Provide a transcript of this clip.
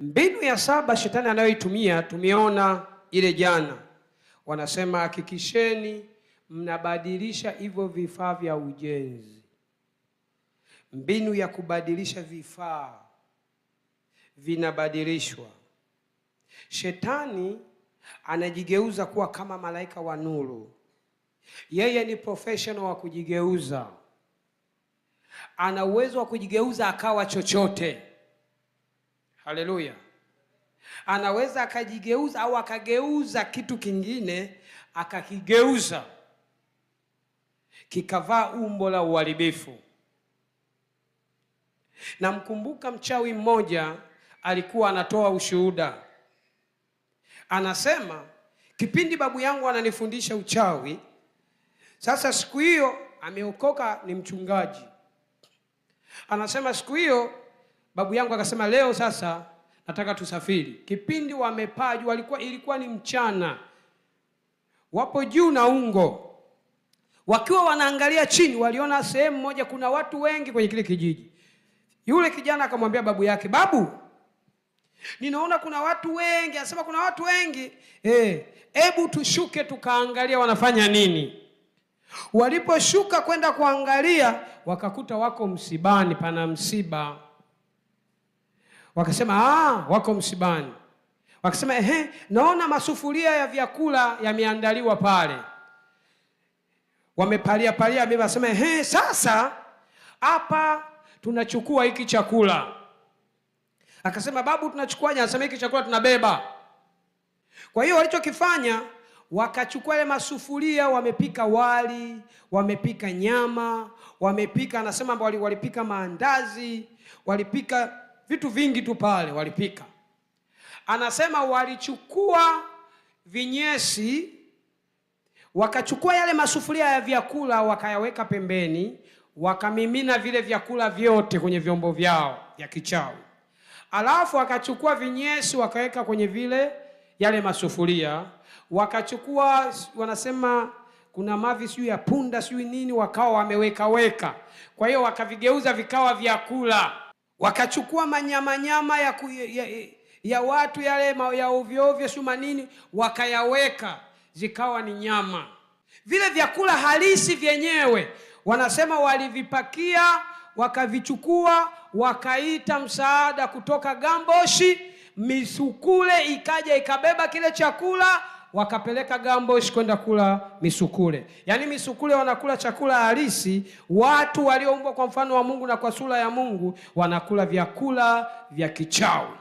Mbinu ya saba shetani anayoitumia tumeona ile jana, wanasema hakikisheni mnabadilisha hivyo vifaa vya ujenzi. Mbinu ya kubadilisha vifaa vinabadilishwa. Shetani anajigeuza kuwa kama malaika wa nuru, yeye ni professional wa kujigeuza, ana uwezo wa kujigeuza akawa chochote. Haleluya! Anaweza akajigeuza au akageuza kitu kingine, akakigeuza kikavaa umbo la uharibifu. Namkumbuka mchawi mmoja alikuwa anatoa ushuhuda, anasema kipindi babu yangu ananifundisha uchawi, sasa siku hiyo ameokoka, ni mchungaji, anasema siku hiyo babu yangu akasema leo sasa nataka tusafiri. Kipindi wamepaa juu, walikuwa ilikuwa ni mchana, wapo juu na ungo, wakiwa wanaangalia chini, waliona sehemu moja kuna watu wengi kwenye kile kijiji. Yule kijana akamwambia babu yake, babu, ninaona kuna watu wengi. Anasema kuna watu wengi, hebu eh, tushuke tukaangalia wanafanya nini. Waliposhuka kwenda kuangalia, wakakuta wako msibani, pana msiba wakasema ah, wako msibani. Wakasema ehe, naona masufuria ya vyakula yameandaliwa pale, wamepalia palia. Mimi nasema ehe, sasa hapa tunachukua hiki chakula. Akasema babu, tunachukuaje? Anasema hiki chakula tunabeba. Kwa hiyo walichokifanya wakachukua ile masufuria, wamepika wali, wamepika nyama, wamepika anasema, walipika maandazi, walipika vitu vingi tu pale walipika. Anasema walichukua vinyesi, wakachukua yale masufuria ya vyakula, wakayaweka pembeni, wakamimina vile vyakula vyote kwenye vyombo vyao vya kichawi, alafu wakachukua vinyesi, wakaweka kwenye vile yale masufuria, wakachukua wanasema kuna mavi sijui ya punda sijui nini, wakawa wamewekaweka. Kwa hiyo wakavigeuza vikawa vyakula wakachukua manyamanyama ya, ku, ya, ya watu yale ya ovyoovyo sio manini, wakayaweka zikawa ni nyama. Vile vyakula halisi vyenyewe wanasema walivipakia wakavichukua wakaita msaada kutoka Gamboshi, misukule ikaja ikabeba kile chakula wakapeleka gambosh kwenda kula misukule. Yaani misukule wanakula chakula halisi, watu walioumbwa kwa mfano wa Mungu na kwa sura ya Mungu wanakula vyakula vya kichawi.